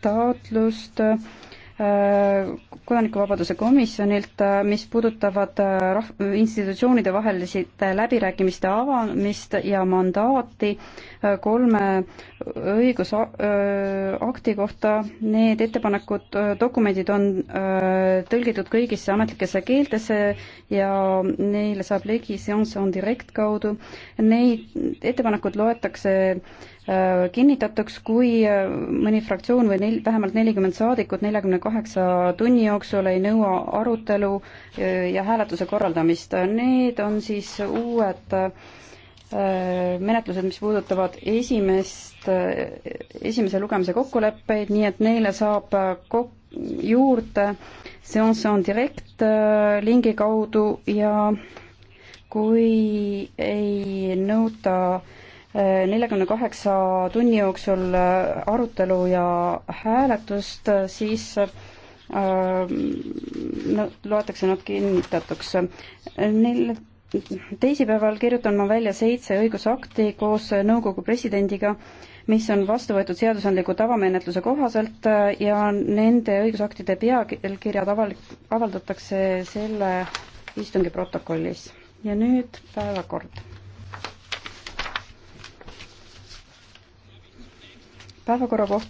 taotlust äh, kodanikuvabaduse komisjonilt, äh, mis puudutavad äh, rahv-, institutsioonide vaheliste läbirääkimiste avamist ja mandaati kolme õigusakti kohta. Need ettepanekud, dokumendid on tõlgitud kõigisse ametlikesse keeltesse ja neile saab legi seanss on direkt kaudu. Neid ettepanekud loetakse Äh, kinnitatuks, kui äh, mõni fraktsioon või neil, vähemalt nelikümmend saadikut neljakümne kaheksa tunni jooksul ei nõua arutelu äh, ja hääletuse korraldamist. Need on siis uued menetlused, mis puudutavad esimest, esimese lugemise kokkuleppeid, nii et neile saab kok-, juurde seanss on direkt lingi kaudu ja kui ei nõuta äh, neljakümne kaheksa tunni jooksul äh, arutelu ja hääletust, äh, siis äh, no, loetakse nad kinnitatuks. Neil teisipäeval kirjutan ma välja seitse õigusakti koos nõukogu presidendiga, mis on vastu võetud seadusandliku tavamenetluse kohaselt ja nende õigusaktide pealkirjad aval-, avaldatakse selle istungi protokollis. ja nüüd päevakord päevakorrakoht